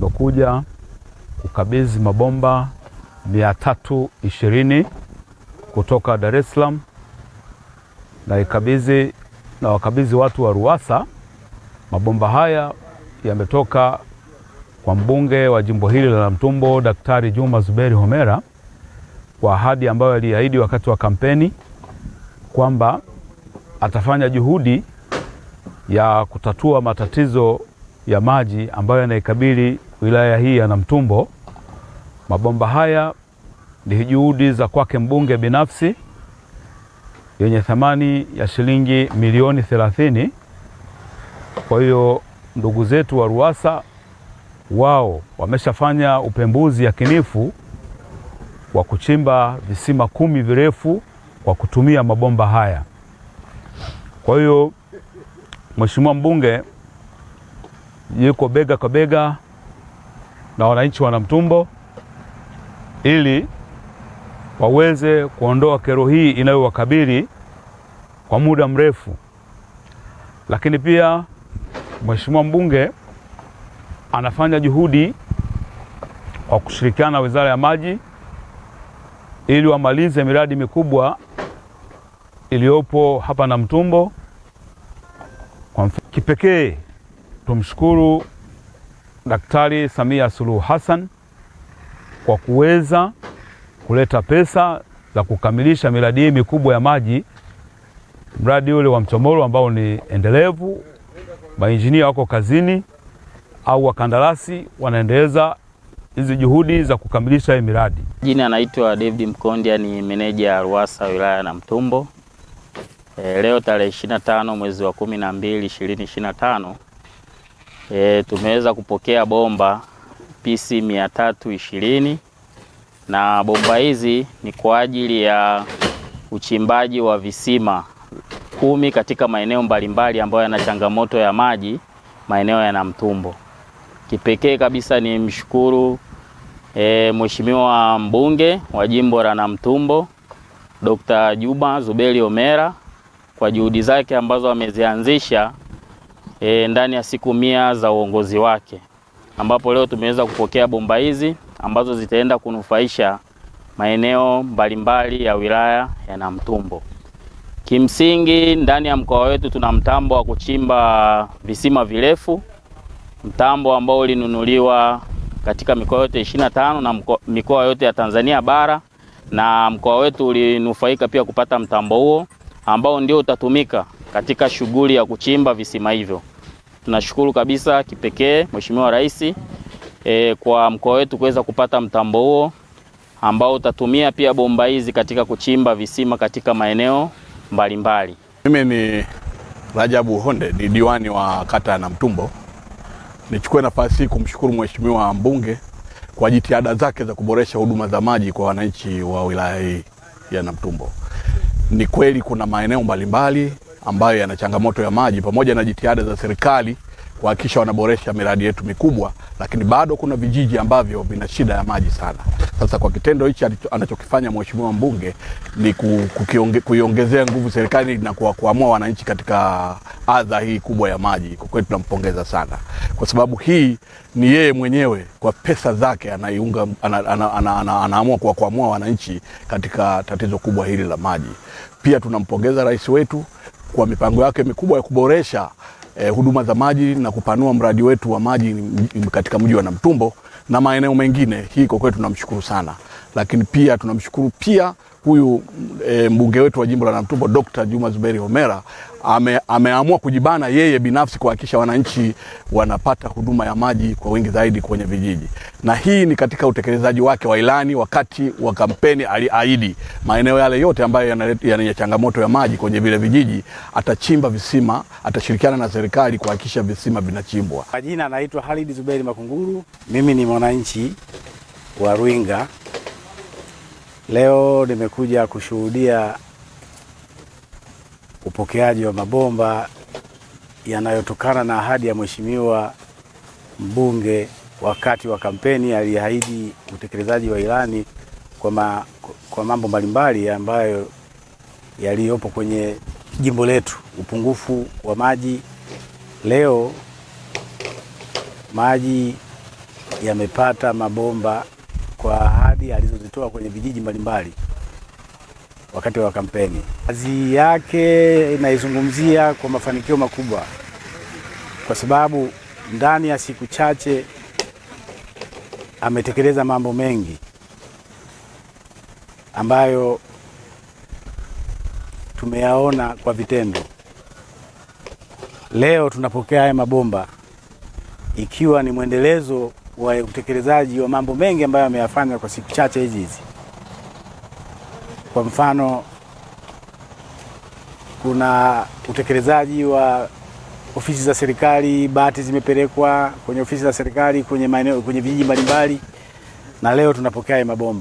tumekuja kukabidhi mabomba 320 kutoka Dar es Salaam na ikabidhi na wakabidhi watu wa Ruwasa. Mabomba haya yametoka kwa mbunge wa jimbo hili la Namtumbo Daktari Juma Zuberi Homera kwa ahadi ambayo aliahidi wakati wa kampeni kwamba atafanya juhudi ya kutatua matatizo ya maji ambayo yanaikabili wilaya hii ya Namtumbo. Mabomba haya ni juhudi za kwake mbunge binafsi yenye thamani ya shilingi milioni thelathini. Kwa hiyo ndugu zetu wa RUWASA wao wameshafanya upembuzi yakinifu wa kuchimba visima kumi virefu kwa kutumia mabomba haya. Kwa hiyo Mheshimiwa mbunge yuko bega kwa bega na wananchi wa Namtumbo ili waweze kuondoa kero hii inayowakabili kwa muda mrefu. Lakini pia Mheshimiwa mbunge anafanya juhudi kwa kushirikiana na Wizara ya Maji ili wamalize miradi mikubwa iliyopo hapa Namtumbo. Kwa kipekee tumshukuru Daktari Samia Suluhu Hassan kwa kuweza kuleta pesa za kukamilisha miradi hii mikubwa ya maji, mradi ule wa Mchomoro ambao ni endelevu, mainjinia wako kazini au wakandarasi wanaendeleza hizi juhudi za kukamilisha hii miradi. Jina anaitwa David mkondia ni meneja RUWASA wilaya na Namtumbo. E, leo tarehe 25 mwezi wa 12 2025 E, tumeweza kupokea bomba PC mia tatu ishirini na bomba hizi ni kwa ajili ya uchimbaji wa visima kumi katika maeneo mbalimbali ambayo yana changamoto ya maji, maeneo yana Mtumbo. Kipekee kabisa ni mshukuru e, Mheshimiwa mbunge wa jimbo la Namtumbo Dr. Juma Zuberi Homera kwa juhudi zake ambazo amezianzisha e, ndani ya siku mia za uongozi wake, ambapo leo tumeweza kupokea bomba hizi ambazo zitaenda kunufaisha maeneo mbalimbali ya wilaya ya Namtumbo. Kimsingi ndani ya mkoa wetu tuna mtambo wa kuchimba visima virefu, mtambo ambao ulinunuliwa katika mikoa yote 25 na mikoa yote ya Tanzania bara na mkoa wetu ulinufaika pia kupata mtambo huo ambao ndio utatumika katika shughuli ya kuchimba visima hivyo. Tunashukuru kabisa kipekee Mheshimiwa Rais e, kwa mkoa wetu kuweza kupata mtambo huo ambao utatumia pia bomba hizi katika kuchimba visima katika maeneo mbalimbali. Mimi ni Rajabu Honde, ni diwani wa kata ya Namtumbo. Nichukue nafasi hii kumshukuru Mheshimiwa mbunge kwa jitihada zake za kuboresha huduma za maji kwa wananchi wa wilaya hii ya Namtumbo. Ni kweli kuna maeneo mbalimbali ambayo yana changamoto ya maji, pamoja na jitihada za serikali kuhakikisha wanaboresha miradi yetu mikubwa, lakini bado kuna vijiji ambavyo vina shida ya maji sana. Sasa kwa kitendo hichi anachokifanya mheshimiwa mbunge ni kuiongezea nguvu serikali na kuwakwamua wananchi katika adha hii kubwa ya maji. Kwa kweli tunampongeza sana, kwa sababu hii ni yeye mwenyewe kwa pesa zake anaiunga, ana, ana, ana, ana, anaamua kwa wananchi katika tatizo kubwa hili la maji. Pia tunampongeza rais wetu kwa mipango yake mikubwa ya kuboresha eh, huduma za maji na kupanua mradi wetu wa maji katika mji wa Namtumbo na maeneo mengine. Hii kwa kweli tunamshukuru sana lakini pia tunamshukuru pia huyu e, mbunge wetu wa jimbo la Namtumbo Dr. Juma Zuberi Homera ame, ameamua kujibana yeye binafsi kuhakikisha wananchi wanapata huduma ya maji kwa wingi zaidi kwenye vijiji, na hii ni katika utekelezaji wake wa ilani. Wakati wa kampeni aliahidi maeneo yale yote ambayo yana changamoto ya maji kwenye vile vijiji atachimba visima, atashirikiana na serikali kuhakikisha visima vinachimbwa. Majina anaitwa Halid Zuberi Makunguru, mimi ni mwananchi wa Ruinga. Leo nimekuja kushuhudia upokeaji wa mabomba yanayotokana na ahadi ya Mheshimiwa mbunge wakati wa kampeni aliyeahidi utekelezaji wa ilani kwa, ma, kwa mambo mbalimbali ambayo yaliyopo kwenye jimbo letu, upungufu wa maji. Leo maji yamepata mabomba kwa pia alizozitoa kwenye vijiji mbalimbali wakati wa kampeni. Kazi yake inaizungumzia kwa mafanikio makubwa, kwa sababu ndani ya siku chache ametekeleza mambo mengi ambayo tumeyaona kwa vitendo. Leo tunapokea haya mabomba ikiwa ni mwendelezo wa utekelezaji wa mambo mengi ambayo ameyafanya kwa siku chache hizi hizi. Kwa mfano, kuna utekelezaji wa ofisi za serikali, bati zimepelekwa kwenye ofisi za serikali kwenye maeneo, kwenye vijiji mbalimbali, na leo tunapokea mabomba.